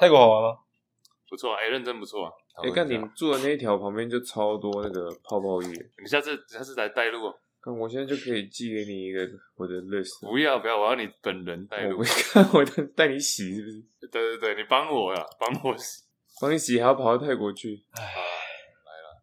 泰國好玩嗎？不錯啊，哎、欸，認真不錯啊，哎，看你們住的那一條旁邊就超多那個泡泡浴，你下次下次來帶路啊，看我現在就可以寄給你一個我的 list，啊，不要不要，我要你本人帶路，看我帶你洗是不是？對對對，你幫我呀啊，幫我洗，幫你洗還要跑到泰國去，哎，來了。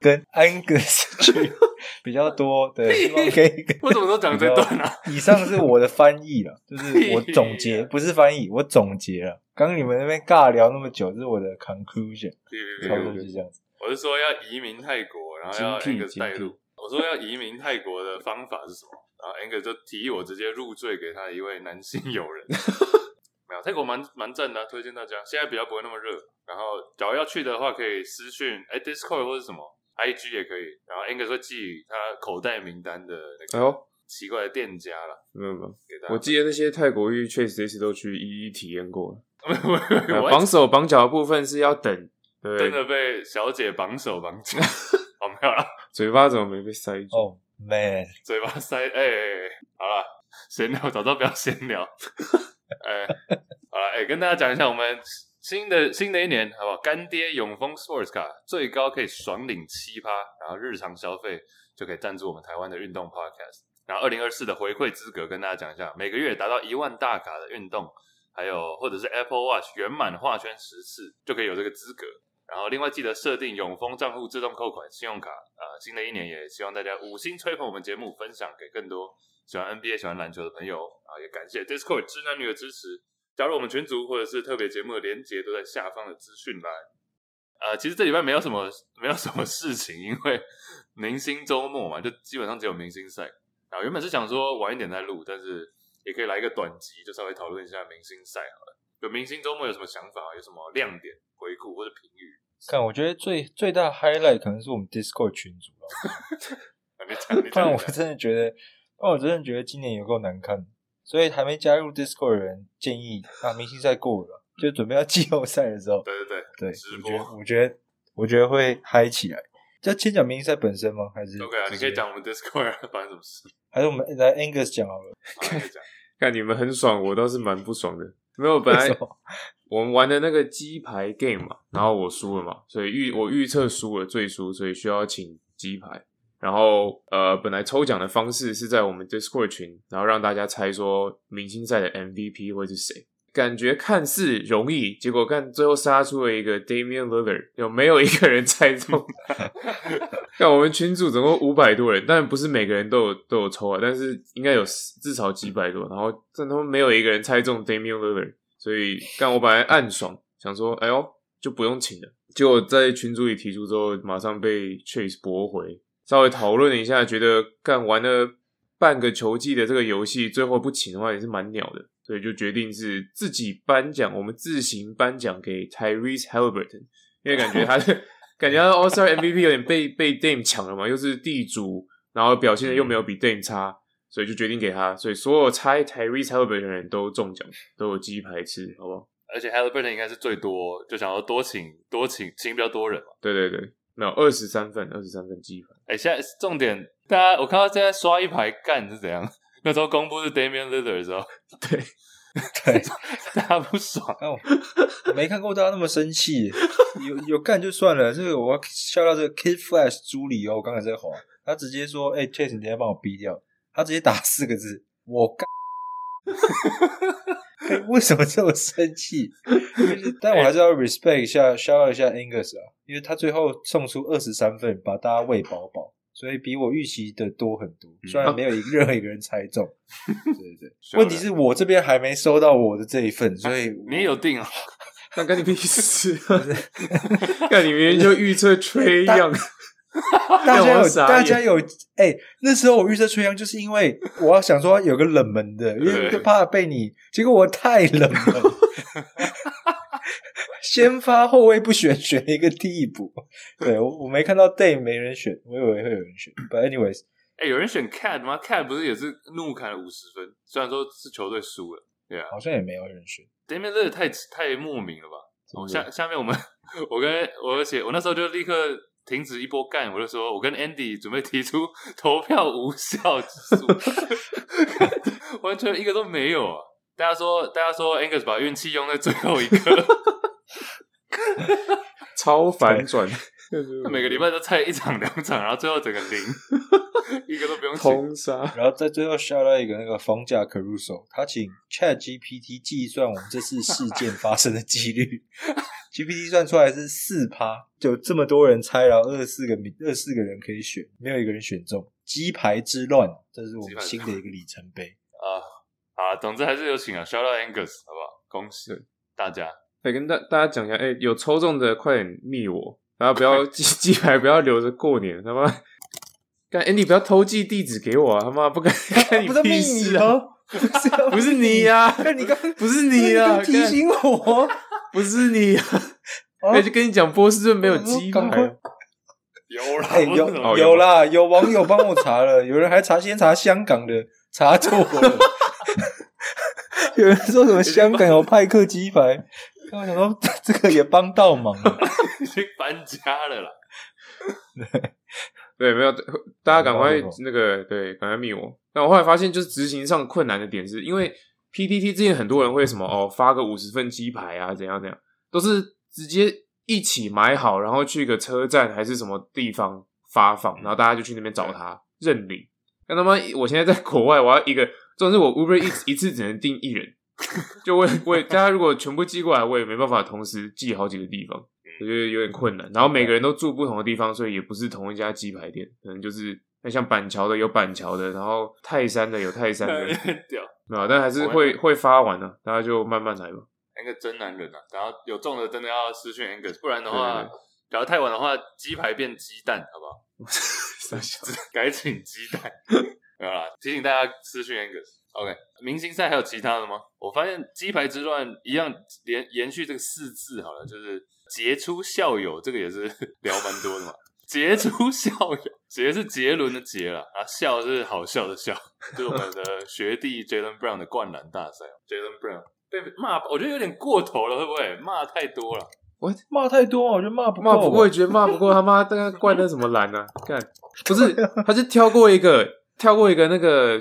跟 Angus 比較多，對，OK。 我怎麼都講這段啊？ 以上是我的翻譯了，就是我總結，不是翻譯，我總結了。剛你們那邊尬聊那麼久，是我的 conclusion。 差不多是這樣。我是說要移民泰國，然後要一個帶路。我說要移民泰國的方法是什麼？然後 Angus 就提議我直接入贅給他一位男性友人。沒有，泰國蠻蠻正的啊，推薦大家。現在比較不會那麼熱，然後假如要去的話，可以私訊，哎 Discord 或是什麼。I G 也可以，然後 Angus 說寄給他口袋名單的那個奇怪的店家啦，沒有沒嗎？我記得那些泰國浴，確實也是都去一一體驗過了。綁、 呃、手綁腳的部分是要等，對等着被小姐綁手綁腳，好、 哦、沒有啦！嘴巴怎麼沒被塞住、oh,？Man，嘴巴塞哎、欸，好了，閒聊，早知道不要閒聊。哎、 欸，啊，哎、欸，跟大家講一下我們。新的新的一年，好不好？乾爹永豐 Sports 卡最高可以爽領七趴，然後日常消費就可以贊助我們台灣的運動 Podcast。然後二零二四的回饋資格跟大家講一下，每個月達到一萬大卡的運動，還有或者是 Apple Watch 圓滿畫圈十次就可以有這個資格。然後另外記得設定永豐賬戶自動扣款信用卡。啊、呃，新的一年也希望大家五星吹捧我們節目，分享給更多喜歡 NBA、喜歡籃球的朋友。然後也感謝 Discord 汁男女的支持。加入我們群組或者是特別節目的連結都在下方的資訊欄。呃，其實這禮拜沒有什麼沒有什麼事情，因為明星週末嘛，就基本上只有明星賽。啊，原本是想說晚一點再錄，但是也可以來一個短集，就稍微討論一下明星賽好了。有明星週末有什麼想法？有什麼亮點回顧或者評語？看，我覺得最最大的 highlight 可能是我們 Discord 群組哦。不、 啊、我真的覺得，哦，我真的覺得今年有夠難看。所以還沒加入 Discord 的人，建議啊，明星賽過了，就準備要季後賽的時候，對對對對直播，我覺得我覺得我覺得會嗨起來。要先講明星賽本身嗎？還是 OK 啊你可以講我們 Discord 玩什麼事？還是我們來 Angus 講好了。看， 看你們很爽，我倒是蠻不爽的。沒有，本來我們玩的那個雞排 game 嘛，然後我輸了嘛，所以預我預測輸了最輸，所以需要請雞排。然後，呃，本來抽獎的方式是在我們 Discord 群，然後讓大家猜說明星賽的 MVP 會是誰。感覺看似容易，結果幹，最後殺出了一個 Damian Lillard，有沒有一個人猜中？幹 我們群組總共五百多人，但不是每個人都有都有抽啊，但是應該有至少幾百多。然後，但他們沒有一個人猜中 Damian Lillard，所以幹我本來暗爽，想說，哎呦，就不用請了。結果在群組裡提出之後，馬上被 Chase 駁回。稍微討論了一下，覺得乾玩了半個球季的這個遊戲，最後不請的話也是蠻鳥的，所以就決定是自己頒獎，我們自行頒獎給 Tyrese Halliburton，因為感覺他是 感覺他是 All Star MVP，有點被被 Dame 搶了嘛，又是地主，然後表現的又沒有比 Dame 差，嗯，所以就決定給他。所以所有猜 Tyrese Halliburton 的人都中獎，都有雞排吃，好不好？而且 Halliburton 應該是最多，就想要多請多請請比較多人嘛。對對對，那有二十三份，二十三份雞排。哎、欸，現在重點，大家我看到現在刷一排幹是怎樣？那時候公布是 Damian Lillard 的時候，對對， 大家不爽， 我我沒看過大家那麼生氣，有有幹就算了，這個我要笑到這個 Kid Flash 朱里哦，我剛才在滑，他直接說，哎、欸、，Chase 你直接幫我逼掉，他直接打四個字，我幹。 欸、為什麼這麼生氣？ 但我還是要 respect 一下、欸、shout out 一下 Angus 啊，因為他最後送出二十三份，把大家喂飽飽，所以比我預期的多很多。雖然沒有、嗯、任何一個人猜中，嗯、對對、對，問題是我這邊還沒收到我的這一份，所以你也、啊、有訂啊？那 跟 你們去吃？那你們就預測吹一樣。 大家有、欸，大家有，哎、欸，那時候我預測出陽就是因為我要想說要有個冷門的，因為就怕被你。結果我太冷門， 先發後衛不選，選一個替補。對，我我沒看到 Day 沒人選，我以為會有人選。But anyways，哎、欸，有人選 cat 嗎？cat 不是也是怒砍了五十分，雖然說是球隊輸了。對、yeah、啊，好像也沒有人選。下面這也太太莫名了吧？下、哦、下面我們，我跟我而且我那時候就立刻。停止一波幹，我就說，我跟 Andy 準備提出投票無效之訴，完全一個都沒有。啊。大家說，大家說，Angus 把運氣用在最後一個， 超反轉，他每個禮拜都猜一場兩場，然後最後整個零。 一個都不用請了，通殺 然後在最後 shout out 一個那個房價可入手，他請 Chat GPT 計算我們這次事件發生的幾率 ，GPT 算出來是四趴，就這麼多人猜，然後二十四個名，二十四個人可以選，沒有一個人選中雞排之亂，這是我們新的一個里程碑啊！好，總之還是有請啊，shout out Angus 好不好？恭喜大家！以、欸、跟大大家講一下，哎、欸，有抽中的快點密我，然後不要雞雞排，不要留着過年，他媽。a、欸、你不要偷寄地址給我、啊！他媽、啊、不跟你、啊，不是你啊！你 剛不是你啊！你啊你你啊你提醒我，不是你、啊。哎、啊 欸，就跟你講，波士頓沒有雞排。有，有啦，欸、有有，有啦，有網友幫我查了， 有人還查先查香港的，查錯了。 有人說什麼香港有派克雞排？我 想說這個也幫倒忙了，已 經搬家了啦。 對對，沒有，大家趕快那個，對，趕快密我。那我後來發現，就是執行上困難的點是，因為 PTT 之前很多人會什麼哦，發個五十份雞排啊，怎樣怎樣，都是直接一起買好，然後去一個車站還是什麼地方發放，然後大家就去那邊找他認領。那他媽，我現在在國外，我要一個，總之我 Uber 一一次只能訂一人，就為為大家如果全部寄過來，我也沒辦法同時寄好幾個地方。我覺得有點困難，然後每個人都住不同的地方，okay. 所以也不是同一家雞排店，可能就是那像板橋的有板橋的，然後泰山的有泰山的， 沒有，但還是會會發完的，啊，大家就慢慢來吧。那個真男人啊，然後有中了真的要私訊 Angus，不然的話搞得太晚的話，雞排變雞蛋，好不好？ 改請雞蛋，沒 有啦，提醒大家私訊 Angus。OK，明星賽還有其他的嗎？我發現雞排之亂一樣連延續這個四字好了，就是。杰出笑友這個也是聊蠻多的嘛。傑出笑友，傑是傑倫的傑了啊，笑是好笑的笑，就是我們的學弟傑倫布朗的灌籃大賽。傑倫布朗被罵，我覺得有點過頭了，會不會罵太，太多了？我罵太多，我覺得罵罵不，不過，也覺得罵不過他媽，但他灌那什麼籃呢、啊？看， 不是，他就跳過一個，跳過一個那個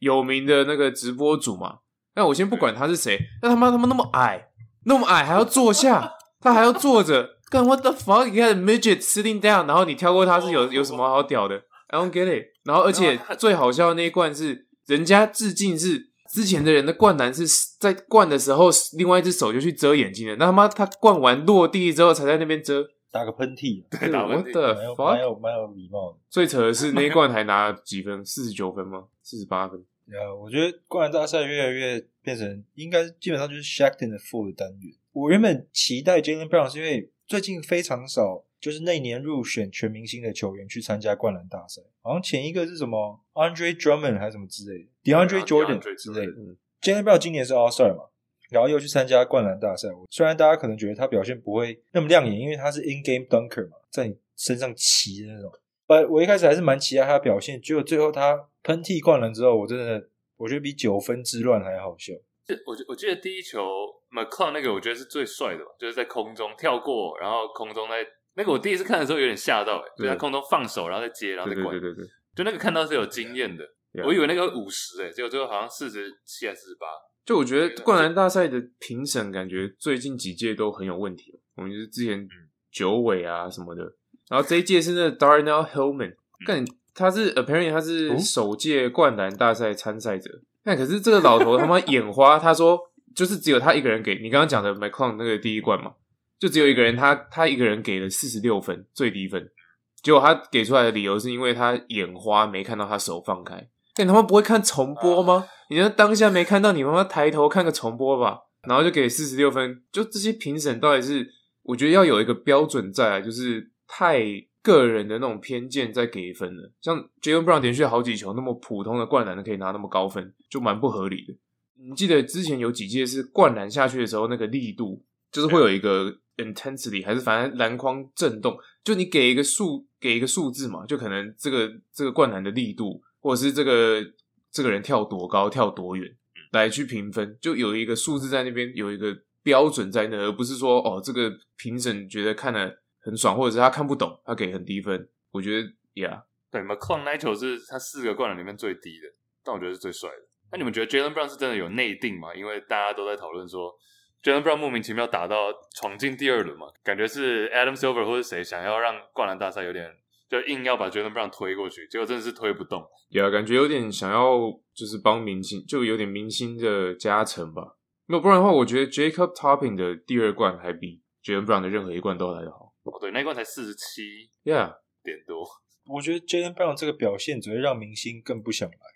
有名的那個直播主嘛。那我先不管他是誰，那 他媽他媽那麼矮，那麼矮還要坐下。 他還要坐着，幹 what the fuck，你看 midget sitting down，然後你跳過他是有 oh, oh, oh. 有什麼好屌的？I don't get it。然後而且最好笑的那一灌是人家致敬是之前的人的灌籃是在灌的時候，另外一隻手就去遮眼睛了。那他媽他灌完落地之後才在那邊遮，打個噴嚏，對，我的法，蠻有蠻有禮貌。最扯的是那一灌還拿了幾分？四十九分嗎？四十八分？對啊，我覺得灌籃大賽越來越變成應該基本上就是 Shaqtin' a Fool 的單元。我原本期待 Jaylen Brown，是因為最近非常少，就是那年入選全明星的球員去參加灌籃大賽。好像前一個是什麼 Andre Drummond 還是什麼之類的 DeAndre Jordan 之類的。嗯、Jaylen Brown 今年是 All Star 嘛，然後又去參加灌籃大賽。雖然大家可能覺得他表現不會那麼亮眼，因為他是 In Game Dunker 嘛，在你身上騎的那種。呃，我一開始還是蠻期待他的表現，結果最後他噴嚏灌籃之後，我真的我覺得比九分之亂還好笑。這我，我記得,得第一球。McClung 那個，我覺得是最帥的吧，就是在空中跳過，然後空中在那個，我第一次看的時候有點嚇到、欸，哎，就在空中放手，然後再接，然後再過，對對對，對，就那個看到是有驚艷的，對，我以為那個五十、欸，哎，結果最後好像四十七還是四十八，就我覺得灌籃大賽的評審感覺最近幾屆都很有問題，我們是之前九尾啊什麼的，然後這一屆是那個 Darnell Hillman，更，他是 apparently 他是首屆灌籃大賽參賽者、哦，但可是這個老頭他媽眼花，他說。就是只有他一個人給你剛剛講的 McClung 那個第一冠，嘛，就只有一個人，他他一個人給了四十六分最低分，結果他給出來的理由是因為他眼花沒看到他手放開，欸、你他媽不會看重播嗎？你那當下沒看到，你他媽抬頭看個重播吧，然後就給四十六分。就這些評審到底是我覺得要有一個標準在、啊，就是太個人的那種偏見在給分了。像傑倫布朗連續好幾球那麼普通的灌籃都可以拿那麼高分，就蠻不合理的。你記得之前有幾屆是灌籃下去的時候，那個力度就是會有一個 intensity，還是反正籃筐震動，就你給一個數，給一個數字嘛，就可能這個這個灌籃的力度，或者是這個這個人跳多高，跳多遠來去評分，就有一個數字在那邊，有一個標準在那，而不是說哦這個評審覺得看了很爽，或者是他看不懂，他給很低分。我覺得，yeah，對，McClung 那球是他四個灌籃裡面最低的，但我覺得是最帥的。那你們覺得 Jaylen Brown 是真的有內定嗎？因為大家都在討論說，Jaylen Brown 莫名其妙打到闖進第二輪嘛，感覺是 Adam Silver 或是誰想要讓灌籃大賽有點就硬要把 Jaylen Brown 推過去，結果真的是推不動。對啊，感覺有點想要就是幫明星，就有點明星的加成吧。那不然的話，我覺得 Jacob Topping 的第二冠還比 Jaylen Brown 的任何一冠都來得好。哦、oh，對，那一冠才四十七點多。Yeah. 我覺得 Jaylen Brown 這個表現只會讓明星更不想來。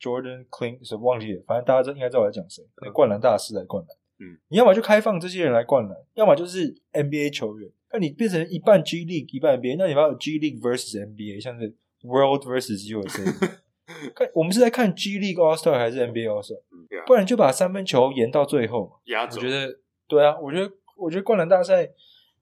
Jordan Clink 是忘記了，反正大家應該知道我在講誰。那灌籃大師來灌籃，嗯，你要麼就開放這些人來灌籃，要麼就是 NBA 球員。那你變成一半 G League，一半 NBA。那你把 G League versus NBA，像是 World versus USA 看我們是在看 G League All Star 還是 NBA All Star？嗯，不然就把三分球延到最後。我覺得對啊，我覺得我覺得灌籃大賽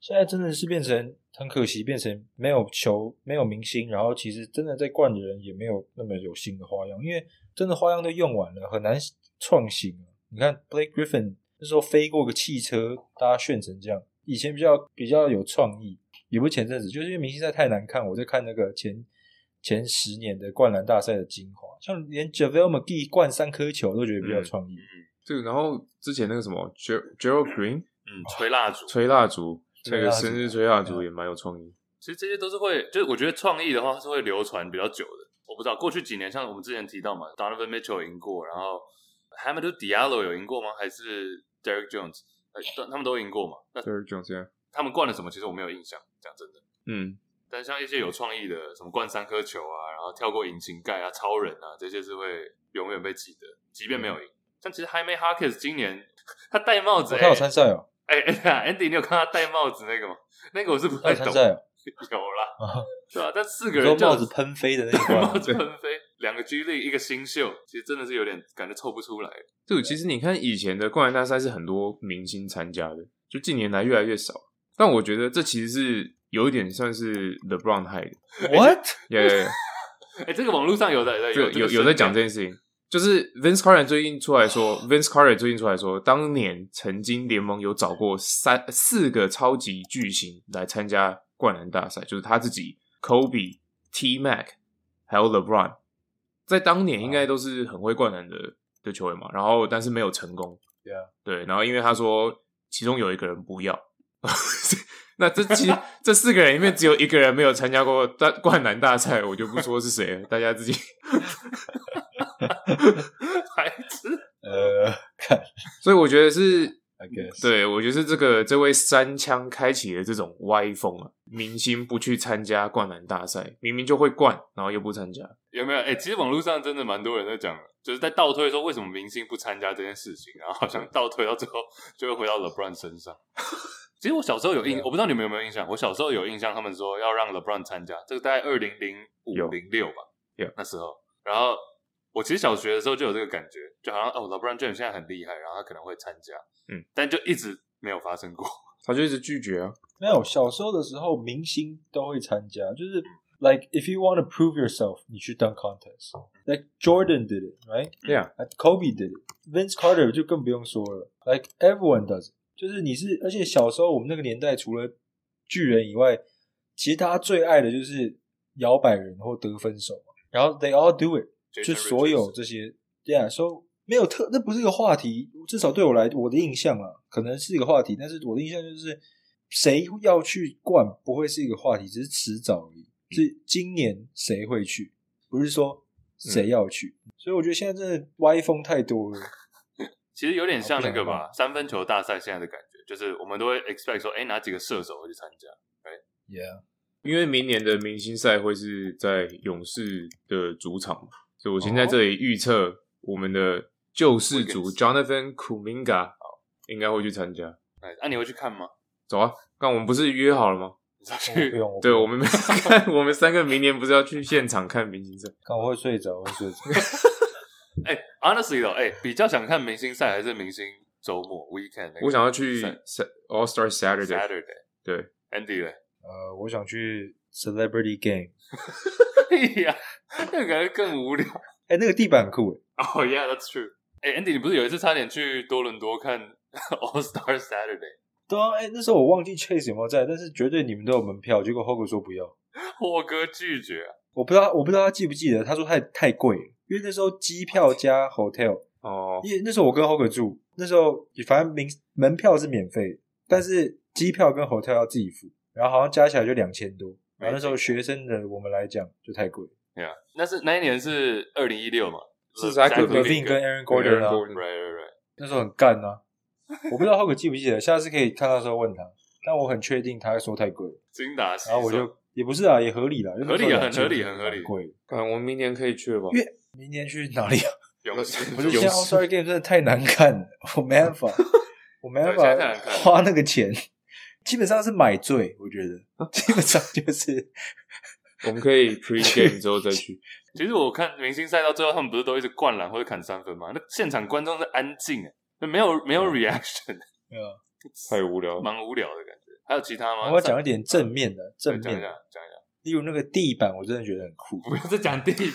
現在真的是變成。很可惜，變成沒有球、沒有明星，然後其實真的在灌的人也沒有那麼有新的花樣，因為真的花樣都用完了，很難創新。你看 Blake Griffin 那時候飛過個汽車，大家炫成這樣，以前比較比較有創意，也不是前陣子，就是因為明星賽太難看，我在看那個前前十年的灌籃大賽的精華，像連 JaVale McGee 灌三顆球都覺得比較創意。嗯，對。然後之前那個什麼 Gerald Gerald Green，嗯，吹蠟燭，吹蠟燭。那個生日吹蠟燭也蠻有創意、嗯嗯。其實這些都是會，就是我覺得創意的話，它是會流傳比較久的。我不知道過去幾年，像我們之前提到嘛 Donovan Mitchell 贏過，然後 Hamidou Diallo 有贏過嗎？還是 Derek Jones？、欸、他們都贏過嘛？那 Derek Jones 他們灌了什麼？其實我沒有印象。講真的，嗯。但像一些有創意的，什麼灌三顆球啊，然後跳過引擎蓋啊，超人啊，這些是會永遠被記得，即便沒有贏、嗯。但其實 Hamidou Hawkes 今年呵呵他戴帽子、欸，他有參賽哦。哎、欸欸啊，Andy，你有看他戴帽子那個嗎？那個我是不太懂。哦、有啦， 是吧、啊？但四個人帽子噴飛的那個。 帽子噴飛，兩個 G League，一個新秀，其實真的是有點感覺湊不出來對對。對，其實你看以前的灌籃大賽是很多明星參加的，就近年來越來越少。但我覺得這其實是有一點算是 LeBron 害的。What？誒、欸 欸、這個網絡上有的、嗯，有有有，有在講這件事情。就是 Vince Carter 最近出來說，Vince Carter 最近出來說，當年曾經聯盟有找過三四個超級巨星來參加灌籃大賽，就是他自己 Kobe、T Mac，還有 LeBron，在當年應該都是很會灌籃的的球員嘛。然後，但是沒有成功。Yeah. 對，然後因為他說其中有一個人不要， 那這其實 這四個人裡面只有一個人沒有參加過大灌籃大賽，我就不說是誰了，大家自己。 孩子，呃，所以我覺得是，對，我覺得是這個這位三槍開啟的這種歪風啊！明星不去參加灌籃大賽，明明就會灌，然後又不參加，有沒有？哎，其實網絡上真的蠻多人在講，就是在倒推說為什麼明星不參加這件事情，然後好像倒推到最後就會回到 LeBron 身上。其實我小時候有印，我不知道你們有沒有印象？我小時候有印象，他們說要讓 LeBron 參加，這個大概二零零五零六吧，有那時候，然後。我其實小學的時候就有這個感覺，就好像哦，LeBron James 現在很厲害，然後他可能會參加，嗯，但就一直沒有發生過，他就一直拒絕啊。沒有，小時候的時候，明星都會參加，就是 like if you want to prove yourself，你 you 去 dunk contest，like Jordan did it，right？Yeah，Kobe did it，Vince Carter 就更不用說了，like everyone does。就是你是，而且小時候我們那個年代，除了巨人以外，其他最愛的就是搖擺人或得分手嘛，然後 they all do it。就所有這些，對啊，說沒有特，那不是一個話題。至少對我來，我的印象啊，可能是一個話題。但是我的印象就是，誰要去灌不會是一個話題，只是遲早而已。是今年誰會去，不是說誰要去。嗯、所以我覺得現在真的歪風太多了。 其實有點像那個吧，三分球大賽現在的感覺，就是我們都會 expect 說，哎、欸，哪幾個射手會去參加？哎、okay? Yeah，因為明年的明星賽會是在勇士的主場。所以我先在這裡預測，我們的救世主 Jonathan Kuminga 應該會去參加。哎、啊，那你會去看嗎？走啊！那我們不是約好了嗎？去不，不用。對我們沒有看， 我們三個明年不是要去現場看明星賽？剛、啊、會睡着，我會睡着。哎 hey，Honestly，哎、欸，比較想看明星賽還是明星周末 （Weekend）？那個我想要去、S、All Star Saturday。Saturday 對，Andy 呢？呃、uh，我想去。Celebrity Game，哎呀，那個感覺更無聊。哎、欸，那個地板很酷哎。哦、oh,，Yeah，that's true、欸。哎，Andy，你不是有一次差點去多倫多看 All-Star Saturday？對啊，哎、欸，那時候我忘記 Chase 有沒有在，但是絕對你們都有門票。結果 Ho 哥說不要，Ho 哥拒絕、啊。我不知道，我不知道他記不記得。他說他太太貴，因為那時候機票加 hotel 哦、oh.。因為那時候我跟 Ho 哥住，那時候反正免門票是免費，但是機票跟 hotel 要自己付，然後好像加起來就兩千多。然後那時候學生的我們來講就太貴了。Yeah. 那是那一年是二零一六嘛，是阿可可賓跟 Aaron Gordon 啊。r i、啊嗯、那時候很幹啊， 我不知道浩可記不記得，下次可以看到時候問他。但我很確定他說太貴了。金打是。然後我就也不是啊，也合理了，合理很合理很合理。貴，可能我們明年可以去了吧？明年去哪裡啊？勇士，不是現在 All-Star Game 真的太難看了，我沒辦法， 我沒辦法花那個錢。基本上是買醉，我覺得基本上就是 我們可以 pre game 之後再去。 其實我看明星賽到最後，他們不是都一直灌籃或者砍三分嗎？那現場觀眾是安靜，沒有沒有 reaction，沒有、嗯嗯，太無聊了，蠻無聊的感覺。還有其他嗎？嗯、我講一點正面的、啊，正面講一講，例如那個地板，我真的覺得很酷。不要再講地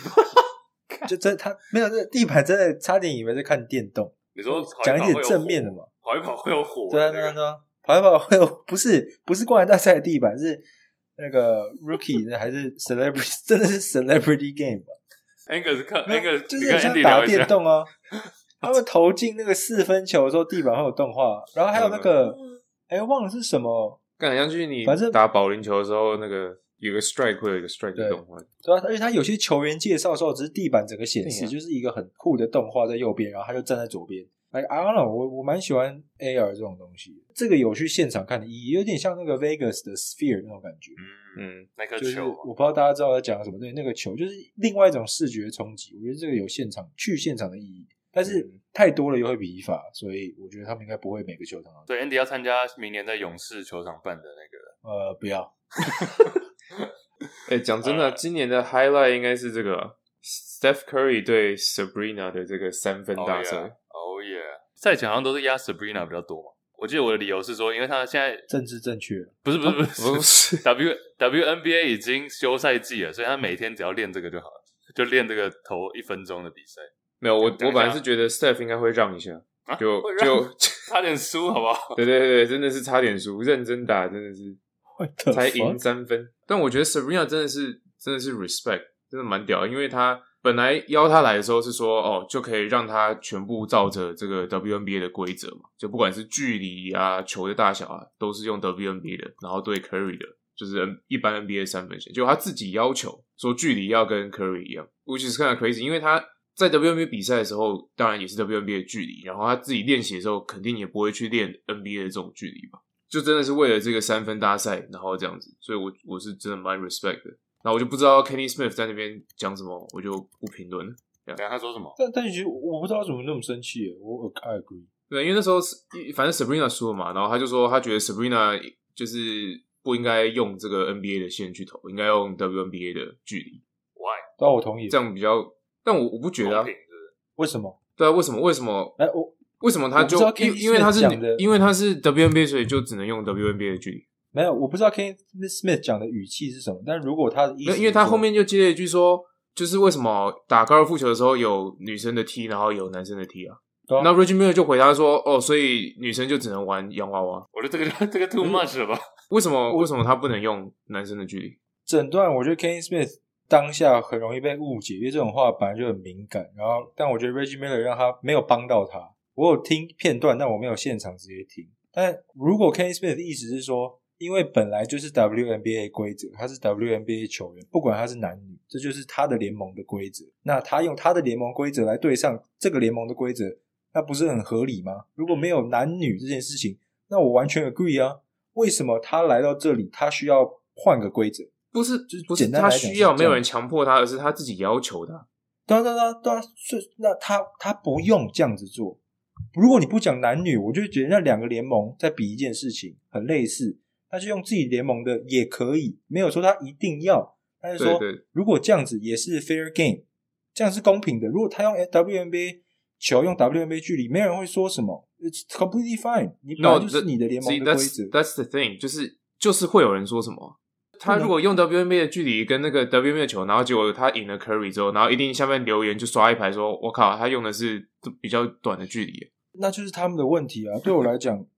板， 就在他沒有這地板，真的差點以為在看電動。你說講一點正面的嘛？跑一跑會有火。跑一跑會有火的那個、對啊對啊對啊。跑一跑會有，不是不是灌籃大賽的地板，是那個 rookie 的還是 celebrity？真的是 celebrity game 吧？Angus 看 Angus，就是很像打電動啊。他們投進那個四分球的時候，地板會有動畫。然後還有那個，哎、欸，忘了是什麼，感覺像去你反正打保齡球的時候，那個有個 strike 會有一個 strike 的動畫。對啊，而且他有些球員介紹的時候，只是地板整個顯示，就是一個很酷的動畫在右邊，然後他就站在左邊。I、don't know，我我蠻喜歡 AR 這種東西。這個有去現場看的意義，有點像那個 Vegas 的 Sphere 那種感覺。嗯嗯，那個球，就是、我不知道大家知道在講什麼。對，那個球就是另外一種視覺衝擊。我覺得這個有現場去現場的意義，但是太多了又會疲乏、嗯。所以我覺得他們應該不會每個球場。對，Andy 要參加明年在勇士球場辦的那個。呃，不要。哎、 欸，講真的，今年的 Highlight 應該是這個、uh, Steph Curry 對 Sabrina 的這個三分大賽。Oh, yeah. 賽場好像都是壓 Sabrina 比較多嘛，我記得我的理由是說，因為他現在政治正確，不是不是不是不是，W WNBA 已經休賽季了，所以他每天只要練這個就好了，就練這個頭一分鐘的比賽。沒有我我本來是覺得 Steph 應該會讓一下，就、啊、就，會讓，就差點輸好不好？ 對對對真的是差點輸，認真打真的是才贏三分。但我覺得 Sabrina 真的是真的是 respect，真的蠻屌的，因為他。本來邀他來的時候是說，哦，就可以讓他全部照着這個 WNBA 的規則嘛，就不管是距離啊、球的大小啊，都是用 WNBA 的，然後對 Curry 的，就是一般 NBA 三分線，就他自己要求說距離要跟 Curry 一樣，which is kinda crazy，因為他在 WNBA 比賽的時候，當然也是 WNBA 的距離，然後他自己練習的時候，肯定也不會去練 NBA 的這種距離吧，就真的是為了這個三分大賽，然後這樣子，所以我我是真的蠻 respect 的。那我就不知道 Kenny Smith 在那邊講什麼，我就不評論。等下他說什麼？但但其實我不知道他怎麼那麼生氣，我 agree。對，因為那時候反正 Sabrina 輸了嘛，然後他就說他覺得 Sabrina 就是不應該用這個 NBA 的線去投，應該用 WNBA 的距離。Why？對啊，我同意，這樣比較。但我我不覺得、啊是不是，為什麼？對啊，為什麼？為什麼？哎、欸，我為什麼他就因因為他是女的，因為他是 WNBA，所以就只能用 WNBA 的距離。沒有，我不知道 Kenny Smith 講的語氣是什麼。但如果他的意思，因為他後面就接了一句說、嗯，就是為什麼打高爾夫球的時候有女生的踢，然後有男生的踢啊？那 Reggie Miller 就回答說，哦，所以女生就只能玩洋娃娃。我覺得這個這個 too much 了吧？嗯、為什麼為什麼他不能用男生的距離？整段我覺得 Kenny Smith 當下很容易被誤解，因為這種話本來就很敏感。然後，但我覺得 Reggie Miller 讓他沒有幫到他。我有聽片段，但我沒有現場直接聽。但如果 Kenny Smith 的意思是說，因為本來就是 WNBA 規則，他是 WNBA 球員，不管他是男女，這就是他的聯盟的規則。那他用他的聯盟規則來對上這個聯盟的規則，那不是很合理嗎？如果沒有男女這件事情，那我完全 agree 啊。為什麼他來到這裡，他需要換個規則？不是，就簡單來講是這樣的。不是不是他需要，沒有人強迫他，而是他自己要求的。對啊，對啊，對啊，對啊，那他他不用這樣子做。如果你不講男女，我就覺得那兩個聯盟在比一件事情，很類似。他是用自己聯盟的也可以，沒有說他一定要。他就說對對，如果這樣子也是 fair game，這樣是公平的。如果他用 WNBA 球用 WNBA 距離，沒有人會說什麼，It's completely fine。你那就是你的聯盟的規則。No, that, that's, that's the thing，就是就是會有人說什麼。他如果用 WNBA 的距離跟那個 WNBA 的球，然後結果他贏了 Curry 之後，然後一定下面留言就刷一排說：“我靠，他用的是比較短的距離。”那就是他們的問題啊！對我來講。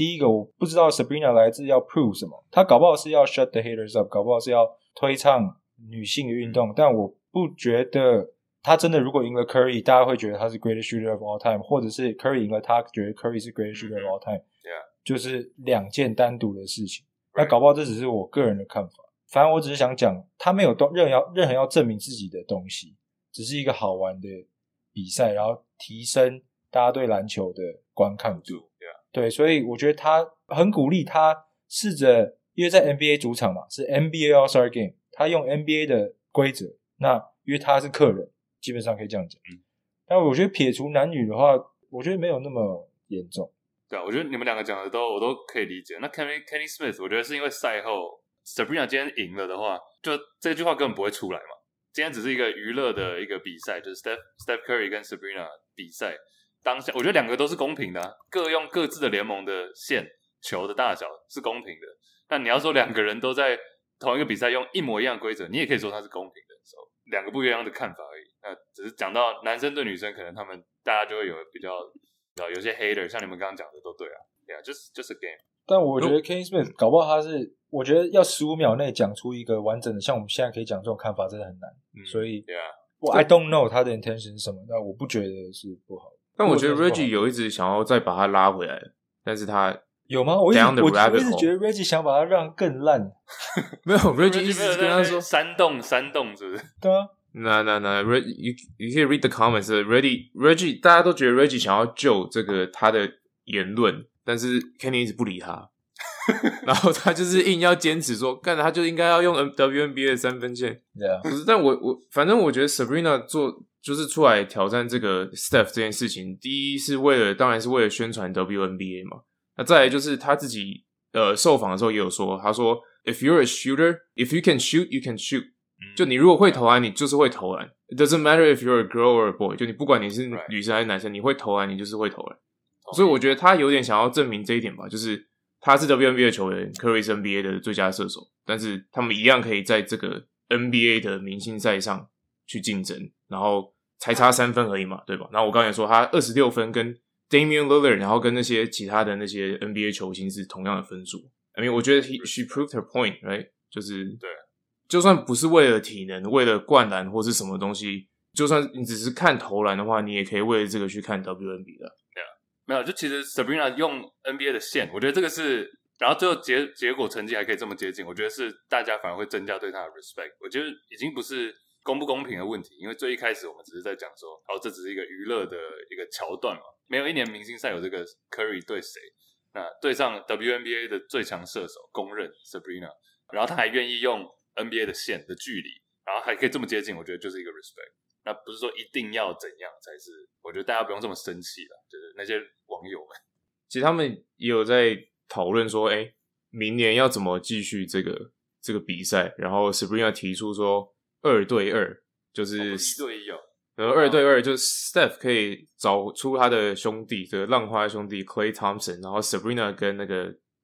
第一個我不知道 Sabrina 來自要 prove 什麼，她搞不好是要 shut the haters up，搞不好是要推倡女性的運動、嗯，但我不覺得她真的如果贏了 Curry，大家會覺得她是 greatest shooter of all time，或者是 Curry 贏了他，他覺得 Curry 是 greatest shooter of all time，、嗯、就是兩件單獨的事情、嗯。那搞不好這只是我個人的看法，反正我只是想講，他沒有動任何要任何要證明自己的東西，只是一個好玩的比賽，然後提升大家對籃球的觀看度。嗯嗯對，所以我覺得他很鼓勵他試着，因為在 NBA 主場嘛，是 NBA All Star Game，他用 NBA 的規則。那因為他是客人，基本上可以這樣講。嗯，但我覺得撇除男女的話，我覺得沒有那麼嚴重。對啊，我覺得你們兩個講的都我都可以理解。那 Kenny Kenny Smith，我覺得是因為賽後 Sabrina 今天贏了的話，就這句話根本不會出來嘛。今天只是一個娛樂的一個比賽，就是 Steph Steph Curry 跟 Sabrina 比賽。當下我覺得兩個都是公平的、啊，各用各自的聯盟的線球的大小是公平的。那你要說兩個人都在同一個比賽用一模一樣的規則，你也可以說它是公平的，兩個不一樣的看法而已。那只是講到男生對女生，可能他們大家就會有比較，比較有些 hater 像你們剛剛講的都對啊，對啊，就是就是 game。但我覺得 Kenny Smith 搞不好他是，我覺得要十五秒內講出一個完整的，像我們現在可以講這種看法真的很難。嗯、所以，我、yeah. I don't know 他的 intention 是什麼，那我不覺得是不好的。但我覺得 Reggie 有一直想要再把他拉回來，但是他有嗎？我，一直，我就一直覺得 Reggie 想把他讓更爛， 沒有 Reggie 一直跟他說煽動煽動，是不是？對啊，那那那 Reggie 你可以 read the comments，Reggie、uh. Reggie 大家都覺得 Reggie 想要救這個他的言論，但是 Kenny 一直不理他， 然後他就是硬要堅持說，幹他就應該要用、M、WNBA 的三分線，對啊，不是？但我我反正我覺得 Sabrina 做就是出來挑戰這個 Steph 這件事情，第一是為了，當然是為了宣傳 WNBA 嘛。那再來就是他自己，呃，受訪的時候也有說，他說，If you're a shooter, if you can shoot, you can shoot. 嗯。就你如果會投籃，你就是會投籃。It doesn't matter if you're a girl or a boy。就你不管你是女生還是男生，你會投籃，你就是會投籃。Okay. 所以我覺得他有點想要證明這一點吧，就是他是 WNBA 的球員，Curry 是 NBA 的最佳射手，但是他們一樣可以在這個 NBA 的明星賽上去競爭。然後才差三分而已嘛，對吧？然後我剛才說他二十六分，跟 Damian Lillard，然後跟那些其他的那些 NBA 球星是同樣的分數。I mean，我覺得 he, she proved her point，right？就是對，就算不是為了體能，為了灌籃或是什麼東西，就算你只是看投籃的話，你也可以為了這個去看 WNBA 的。對啊，沒有，就其實、yeah. Sabrina 用 NBA 的線，我覺得這個是，然後最後結結果成績還可以這麼接近，我覺得是大家反而會增加對他的 respect。我覺得已經不是。公不公平的問題，因為最一開始我們只是在講說，哦，這只是一個娛樂的一個橋段嘛。沒有一年明星賽有這個 Curry 對誰，那對上 WNBA 的最強射手，公認 Sabrina，然後他還願意用 NBA 的線的距離，然後還可以這麼接近，我覺得就是一個 respect。那不是說一定要怎樣才是，我覺得大家不用這麼生氣啦，就是那些網友們，其實他們也有在討論說，欸，明年要怎麼繼續這個這個比賽，然後 Sabrina 提出說。二對二就是，然、哦、後一一、哦、二對二就是 Steph 可以找出他的兄弟的、就是、浪花兄弟 Clay Thompson，然後 Sabrina 跟那個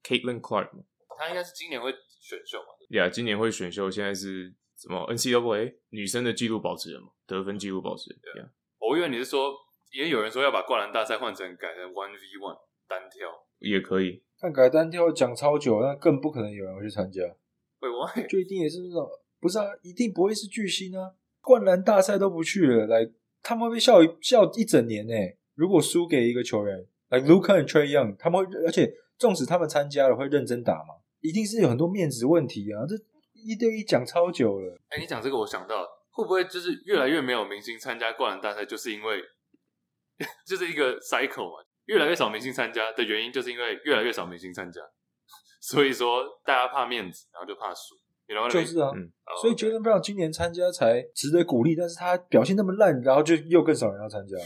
Caitlin Clark。他應該是今年會選秀嘛？對呀，今年會選秀。現在是什麼 NCAA 女生的紀錄保持人嘛？得分紀錄保持人。對、yeah. 呀、yeah. 哦，我以為你是說，因為有人說要把灌籃大賽換成改成 one v one 單挑，也可以。但改單挑講超久，那更不可能有人會去參加。會嗎？就一定也是那種。不是啊，一定不會是巨星啊！灌籃大賽都不去了，來他們會被笑笑一整年誒、欸、如果輸給一個球員，like Luka and Trae Young，他們會而且，縱使他們參加了，會認真打嗎？一定是有很多面子問題啊！這一對一講超久了，哎、欸，你講這個，我想到會不會就是越來越沒有明星參加灌籃大賽，就是因為就是一個 cycle 嘛？越來越少明星參加的原因，就是因為越來越少明星參加，所以說大家怕面子，然後就怕輸。You know what I mean? 就是啊，嗯 oh, 所以 Jaylen Brown 今年參加才值得鼓勵，但是他表現那麼爛，然後就又更少人要參加，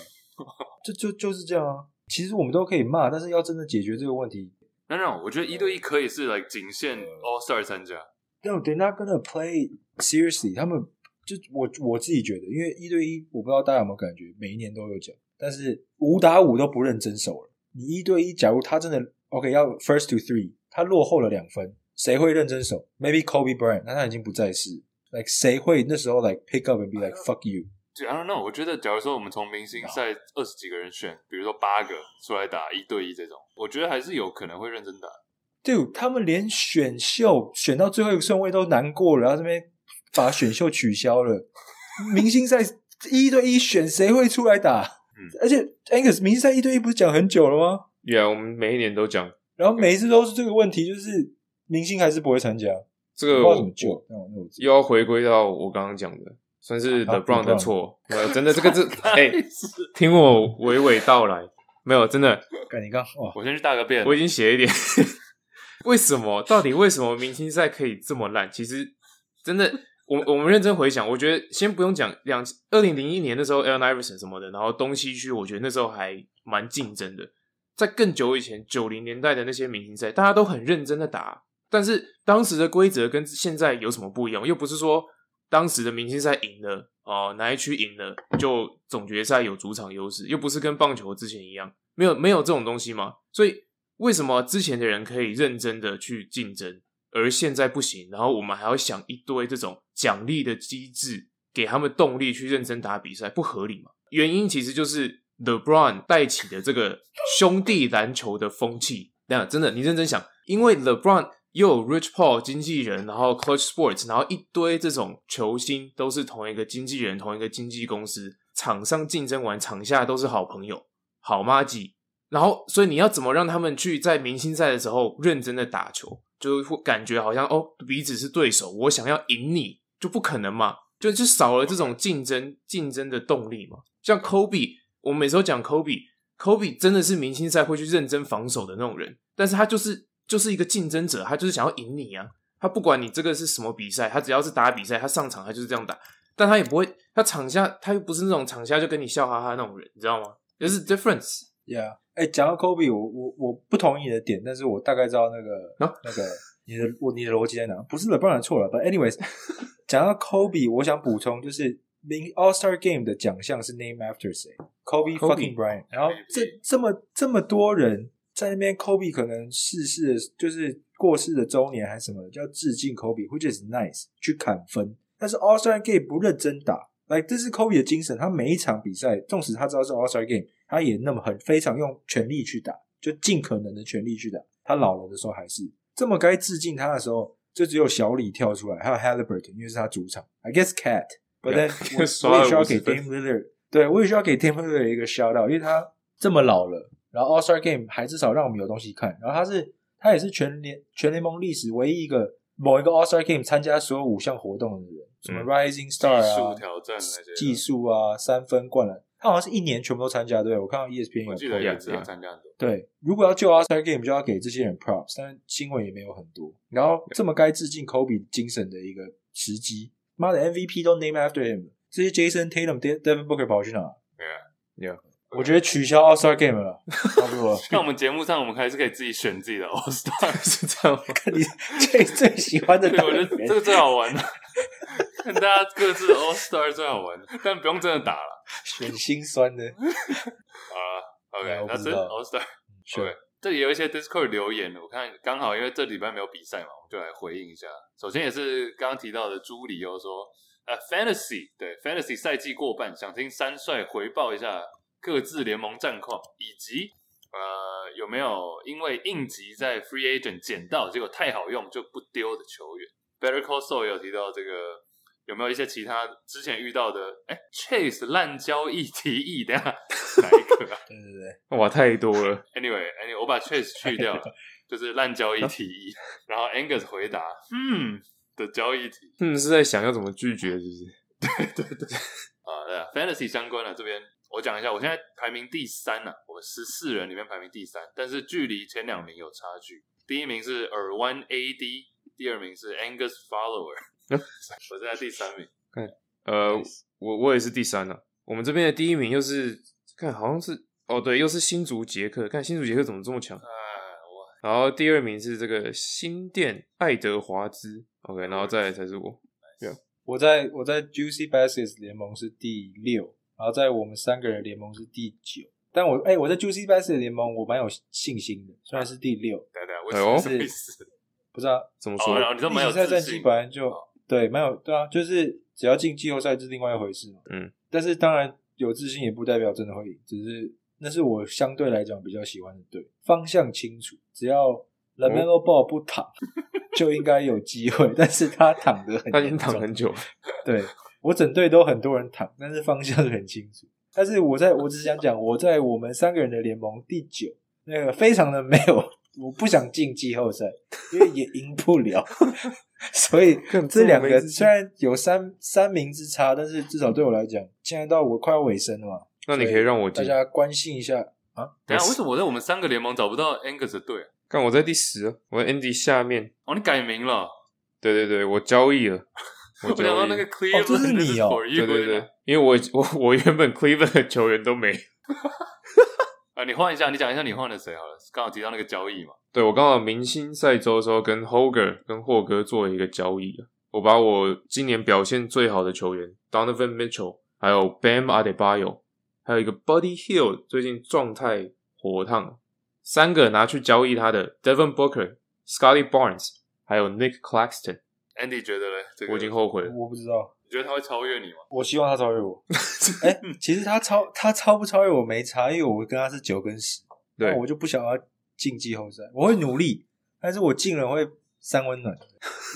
就就就是這樣啊。其實我們都可以罵，但是要真的解決這個問題，No No，我覺得一對一可以是來僅、no. like, 限 All Star 參加，No they 're not gonna play seriously。他們就我我自己覺得，因為一對一我不知道大家有沒有感覺，每一年都有講，但是五打五都不認真守了。你一對一，假如他真的 OK 要 First to Three，他落後了兩分。誰會認真守？Maybe Kobe Bryant，但他已經不在世。Like 誰會那時候 like pick up and be like I fuck you？I don't know。我覺得，假如說我們從明星賽二十幾個人選，no. 比如說八個出來打一對一這種，我覺得還是有可能會認真打。對，他們連選秀選到最後一個順位都難過了，然後這邊把選秀取消了。 明星賽一對一選誰會出來打？嗯、而且，Angus，明星賽一對一不是講很久了嗎？對啊，我們每一年都講，然後每一次都是這個問題，就是。明星還是不會參加，這個我不知道怎麼救，又要回歸到我剛剛講的、嗯，算是 Le、啊、Bron 的錯、嗯。真的，這個字，哎、欸，聽我娓娓道來，沒有真的。我先去大個便，我已經寫一點。 為什麼？到底為什麼明星賽可以這麼爛？其實真的，我我們認真回想，我覺得先不用講兩二零零一年的時候，Allen Iverson 什麼的，然後東西區，我覺得那時候還蠻競爭的。在更久以前，九零年代的那些明星賽，大家都很認真的打。但是當時的規則跟現在有什麼不一樣？又不是說當時的明星賽贏了哦、呃，哪一區贏了就總決賽有主場優勢，又不是跟棒球之前一樣，沒有沒有這種東西嗎？所以為什麼之前的人可以認真的去競爭，而現在不行？然後我們還要想一堆這種獎勵的機制，給他們動力去認真打比賽，不合理嘛？原因其實就是 LeBron 帶起的這個兄弟籃球的風氣。那真的，你認真想，因為 LeBron。又有 Rich Paul 經紀人，然後 Clutch Sports，然後一堆這種球星都是同一個經紀人、同一個經紀公司，場上競爭完，場下都是好朋友，好麻吉！然後，所以你要怎麼讓他們去在明星賽的時候認真的打球，就會感覺好像哦，彼此是對手，我想要贏你，就不可能嘛，就就少了這種競爭、競爭的動力嘛。像 Kobe，我們有時候講 Kobe，Kobe 真的是明星賽會去認真防守的那種人，但是他就是。就是一個競爭者，他就是想要贏你啊！他不管你這個是什麼比賽，他只要是打比賽，他上場他就是這樣打，但他也不會，他場下他又不是那種場下就跟你笑哈哈那種人，你知道嗎？There's a difference，yeah、欸。哎，講到 Kobe，我我我不同意你的點，但是我大概知道那個、huh? 那個你的你的邏輯在哪，不是的，不然錯了。But anyways， 講到 Kobe，我想補充就是 All Star Game 的獎項是 name after 誰？Kobe，Kobe fucking Bryant，然後這這麼這麼多人，在那邊，Kobe 可能逝世，就是過世的周年還是什麼，叫致敬 Kobe which is nice 去砍分。但是 All-Star Game 不認真打，like 這是 Kobe 的精神，他每一場比賽，縱使他知道是 All-Star Game，他也那麼很非常用全力去打，就盡可能的全力去打。他老了的時候還是這麼該致敬他的時候，就只有小李跳出來，還有 Halliburton，i 因為是他主場。I guess Cat，but、yeah, then，我也需要給 Dame Lillard，對，我也需要給 Dame Lillard 的一個 shout out 因為他這麼老了。然後 All-Star Game 還至少讓我們有東西看，然後他是他也是全聯全聯盟歷史唯一一個某一個 All-Star Game 參加所有五項活動的人，什麼 Rising Star 啊技術挑戰，技術啊，三分灌籃，他好像是一年全部都參加，對不對？我看到 ESPN 有拍，也參加對，如果要救 All-Star Game，就要給這些人 props，但新聞也沒有很多。然後這麼該致敬 Kobe 精神的一個時機，媽的 MVP 都 name after him，這些 Jason Tatum、Devin Booker 跑去哪？沒有。我覺得取消 All Star Game 了，差不多了 那我們節目上我們還是可以自己選自己的 All Star，是這樣看你最最喜歡的，對，我覺得這個最好玩 看大家各自的 All Star 最好玩，但不用真的打了，選心酸的。好了、uh, OK，那、嗯、是 All Star。對，這裡有一些 Discord 留言，我看剛好因為這禮拜沒有比賽嘛，我們就來回應一下。首先也是剛剛提到的朱莉歐說，呃、uh,，Fantasy 對 Fantasy 賽季過半，想聽三帥回報一下。各自聯盟戰況，以及呃有沒有因為應急在 free agent 撿到，結果太好用就不丟的球員？Better Call Saul 有提到這個，有沒有一些其他之前遇到的？哎、欸、，Chase 爛交易提議，等一下哪一個、啊？對對對，哇，太多了。Anyway，Anyway，anyway, 我把 Chase 去掉了， 就是爛交易提議。 然後 Angus 回答，嗯，的交易提議，嗯，是在想要怎麼拒絕，就是 對對對對啊，對啊，Fantasy 相關啊，這邊。.我講一下，我現在排名第三呢、啊，我十四人裡面排名第三，但是距離前兩名有差距。嗯、第一名是耳灣 AD，第二名是 Angus Follower，、嗯、我現在第三名。看呃，nice. 我我也是第三呢、啊。我們這邊的第一名又是看好像是哦對，又是新竹傑克。看新竹傑克怎麼這麼強啊？Uh, 然後第二名是這個新店愛德華茲，OK，、oh, 然後再來才是我。對、nice. yeah.，我在我在 Juicy Baskets 聯盟是第六。然後在我們三個人聯盟是第九，但我哎、欸、我在 Juicy Baskets 的聯盟我蠻有信心的，雖、啊、然是第六，對、哎、對，是什麼？不知道怎麼說、哦。然後你知道沒有賽戰績本來就、哦、對，沒有對啊，就是只要進季後賽是另外一回事嘛。嗯，但是當然有自信也不代表真的會贏，只是那是我相對來講比較喜歡的隊，方向清楚，只要 LaMelo Ball 不躺、哦、就應該有機會， 但是他躺得很，他已經躺很久了，對。 我整隊都很多人躺，但是方向很清楚。但是我在，我只想講，我在我們三個人的聯盟第九，那個非常的沒有，我不想進季後賽，因為也贏不了。 所以這兩個雖然有三三名之差，但是至少對我來講，現在到我快要尾聲了嘛。那你可以讓我以大家關心一下啊？等下為什麼我在我們三個聯盟找不到 Angus 的隊、啊？看我在第十、啊，我在 Andy 下面。哦，你改名了？對對對，我交易了。我想到那個 Cleveland 就是、你哦、喔。對對對，因為我我我原本 Cleveland 的球員都沒。 啊，你換一下，你講一下你換的誰好了？剛好提到那個交易嘛。對，我剛好明星賽周的時候，跟 Hoeger 跟霍哥做了一個交易，我把我今年表現最好的球員 Donovan Mitchell，還有 Bam Adebayo，還有一個 Buddy Hill 最近狀態火燙，三個拿去交易他的 Devin Booker、Scotty Barnes 還有 Nick Claxton。Andy 覺得嘞、這個，我已經後悔了。我不知道，你覺得他會超越你嗎？我希望他超越我。 欸、其實他超，他超不超越我沒差，因為我跟他是九跟十，對，那我就不想要進季後賽。我會努力，但是我進了會三溫暖，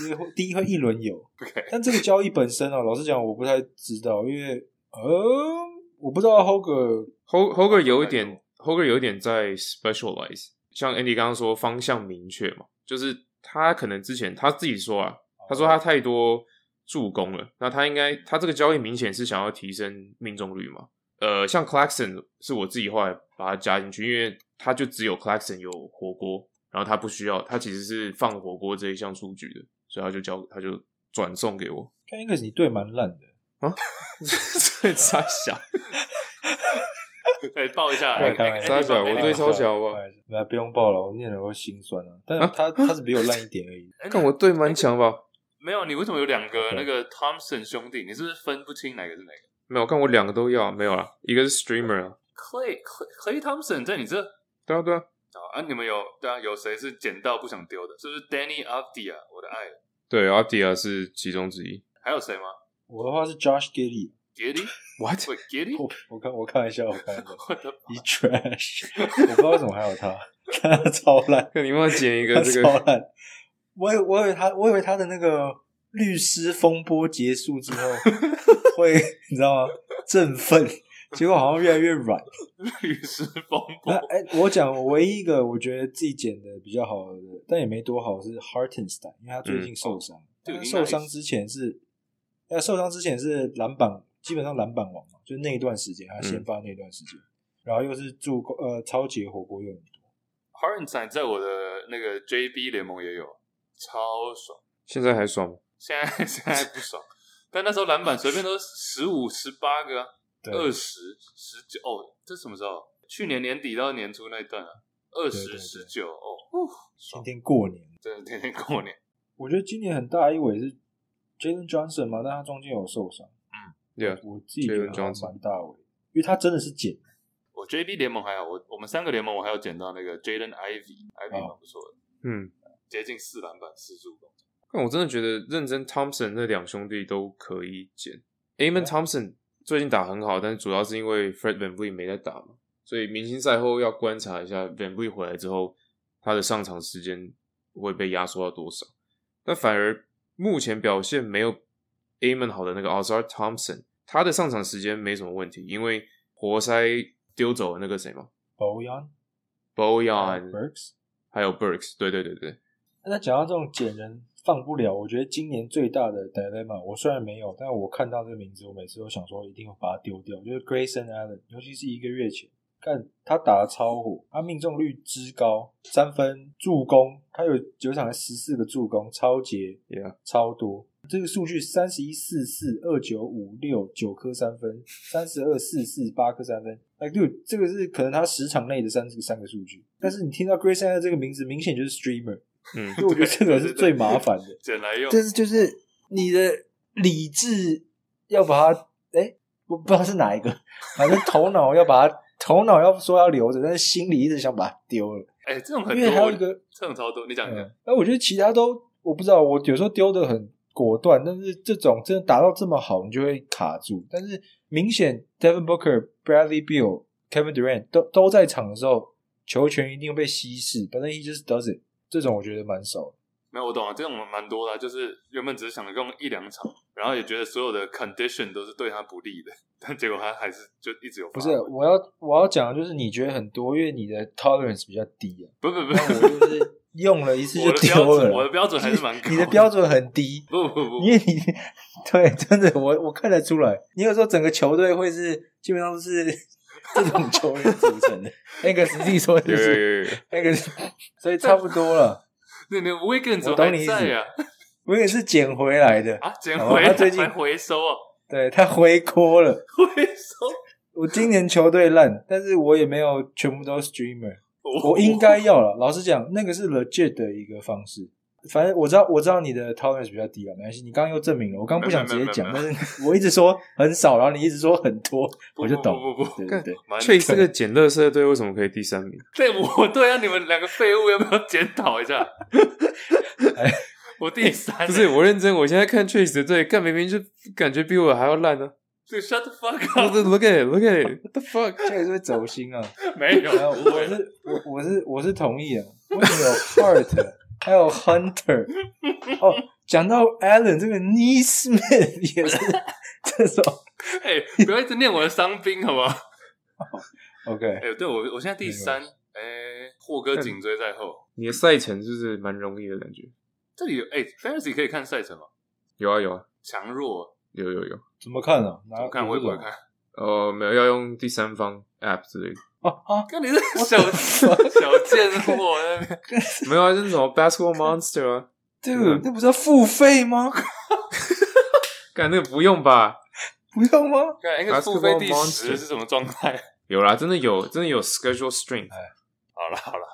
因為、就是、第一 會一輪遊。Okay. 但這個交易本身啊、喔，老實講，我不太知道，因為嗯、呃、我不知道 Hoger Hoger 有一點 Hoger 有一點在 specialize，像 Andy 剛剛說方向明確嘛，就是他可能之前他自己說啊。他說他太多助攻了，那他應該他這個交易明顯是想要提升命中率嘛？呃，像 Claxton 是我自己後來把他加進去，因為他就只有 Claxton 有火鍋，然後他不需要他其實是放火鍋這一項數據的，所以他就交他就轉送給我。看，應該是你隊蠻爛的啊，再再小，可以抱一下來，再抱我隊超小。好吧？那不用抱了，我念了會心酸啊。但他他是比我爛一點而已。看我隊蠻強吧。沒有，你為什麼有兩個那個 Thompson 兄弟？你是不是分不清哪個是哪個？沒有，看我兩個都要沒有啦，一個是 Streamer 啊，Clay Clay, Clay Thompson 在你這？對啊，對啊。哦、啊你們有對啊？有誰是撿到不想丟的？是不是 Danny Avdiya？、啊、我的愛。對，Avdiya、啊、是其中之一。還有誰嗎？我的話是 Josh、Giddy、Giddy Wait。Giddy，What？Giddy？我看，我看一下，我看一下。What the fuck?，你 trash？我不知道為什麼還有他。 他超爛。你們要撿一個這個？他超我以我以為他，我以為他的那個律師風波結束之後會， 你知道嗎？振奮，結果好像越來越軟。 律師風波。哎、欸，我講唯一一個我覺得自己剪的比較好的， 但也沒多好，是 Hartenstein 因為他最近受傷。嗯、受傷之前是，受傷之前是籃板，基本上籃板王嘛，就是、那一段時間他先發那一段時間、嗯，然後又是住呃超級火鍋又多。Hartenstein 在我的那個 JB 聯盟也有。超爽！現在還爽嗎？現在現在還不爽， 但那時候籃板隨便都十五、啊、十八個、二十、十九哦，這什麼時候？去年年底到年初那一段啊，二十、十九哦，天天過年，真的天天過年。我覺得今年很大一尾是 Jalen Johnson 嘛，但他中間有受傷。嗯，對啊。我記得 l e n 大尾，因為他真的是撿。我 JB 聯盟還好，我我們三個聯盟我還有撿到那個 Jaden Ivey，Ivey 蠻、oh、不錯的。嗯。接近四籃板四助攻。那我真的覺得認真 Thompson 那兩兄弟都可以撿。Amen、yeah. Thompson 最近打很好，但是主要是因為 Fred VanVleet 沒在打嘛，所以明星賽後要觀察一下 VanVleet 回來之後他的上場時間會被壓縮到多少。那反而目前表現沒有 Amen 好的那個 Ausar Thompson，他的上場時間沒什麼問題，因為活塞丟走了那個誰嘛 Bojan？Bojan，Burks？還有 Burks，對對對對。那講到這種撿人放不了，我覺得今年最大的 dilemma，我雖然沒有，但我看到這個名字，我每次都想說一定會把它丟掉。就是 Grayson Allen，尤其是一個月前，看他打得超火，他命中率之高，三分助攻，他有九場十四個助攻，超杰，呀、yeah.，超多。這個數據三十一四四二九五六九顆三分，三十二四四八顆三分。哎，對，這個是可能他十場內的三三個數據，但是你聽到 Grayson Allen 這個名字，明顯就是 streamer。嗯，我覺得這個是最麻煩的，撿來用。但是就是你的理智要把它，哎，我不知道是哪一個，反正頭腦要把它， 頭腦要說要留着，但是心裡一直想把它丟了。哎，這種很多因為還有一個這種超多，你講講。哎、嗯，但我覺得其他都我不知道，我有時候丟的很果斷，但是這種真的打到這麼好，你就會卡住。但是明顯，Devin Booker、Bradley Beal、Kevin Durant 都都在場的時候，球權一定會被稀釋。反正 he just does it。這種我覺得蠻少，沒有我懂啊，這種蠻多的，就是原本只是想用一兩場，然後也覺得所有的 condition 都是對他不利的，但結果他還是就一直有。不是，我要我要講的就是你覺得很多，因為你的 tolerance 比較低啊。不不不，不， 我就是用了一次就丟了我的標準，我的標準還是蠻高的，你的標準很低。不不不，不，因為你，你對真的，我我看得出來，你有時候整個球隊會是基本上都是。 這種球員組成的，那個實際說的就是那個、 yeah, yeah, yeah.，所以差不多了。那那維克人懂你意思啊？維 克是撿回來的 啊，撿回來，好好他最近還回收哦對他回鍋了， 回收。我今年球隊爛，但是我也沒有全部都 streamer。 我應該要了。老實講，那個是 legit 的一個方式。反正我知道，我知道你的 tolerance 比較低了、啊，沒關係。你剛剛又證明了，我剛剛不想直接講，沒沒沒沒但是我一直說很少，然後你一直說很多，不不不不不我就懂。不不不，不，對對，Chase 這個撿垃圾隊為什麼可以第三名？對我對啊，你們兩個廢物，要不要檢討一下、 欸？我第三名，不是我認真，我現在看 Chase 隊，幹明明就感覺比我還要爛呢、啊。對，shut the fuck up！Look at it，look at it！What the fuck！Chase 會走心啊？沒有，我是 我我是我是，我是同意啊，為什麼有 heart？還有 Hunter， 哦，講到 Allen 這個 Nesmith 也是這種，哎、 欸，不要一直念我的傷兵，好不好 OK，哎、欸，對我，我現在第三，哎、欸，霍哥頸椎在後，你,你的賽程就是蠻容易的感覺。這裡有，哎、欸、，Fantasy 可以看賽程嗎？有啊有啊，強弱有有有，怎麼看呢？我看微博看，哦、呃，沒有，要用第三方 App 之類的啊啊！看你是小 the... 小賤貨那邊， 沒有還、啊、是什麼 Basketball Monster 啊？ 對，那不是要付費嗎？幹， 那個不用吧？不用嗎？幹，因、那、為、個、付費第十是什麼狀態？ 有啦，真的有，真的有 Schedule String 哎。 好了好了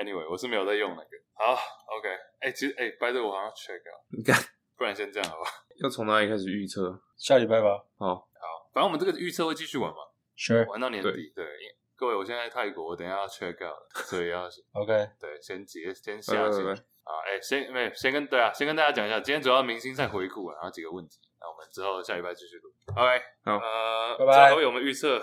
，Anyway，我是沒有在用那個。好，OK。哎、欸，其實哎、欸，拜的我好像 check 一、啊、下，你看，不然先這樣好吧好？要 從哪裡開始預測？下禮拜吧。好，好，反正我們這個預測會繼續玩嘛是，sure. 玩到年底。對。對。各位，我現在在泰國，我等一下要 check out，所以要 OK，對，先結，先下線啊！哎、欸，先沒，先跟對啊，先跟大家講一下，今天主要明星賽回顧啊，然後幾個問題，那我們之後下禮拜繼續錄，拜拜，好，呃，拜拜，最後我們預測，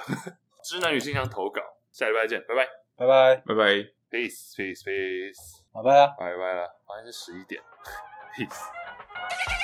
汁男女信箱投稿， 下禮拜見，拜拜，拜拜、啊，拜拜，Peace，Peace，Peace，拜拜拜拜了，好像是十一點，Peace。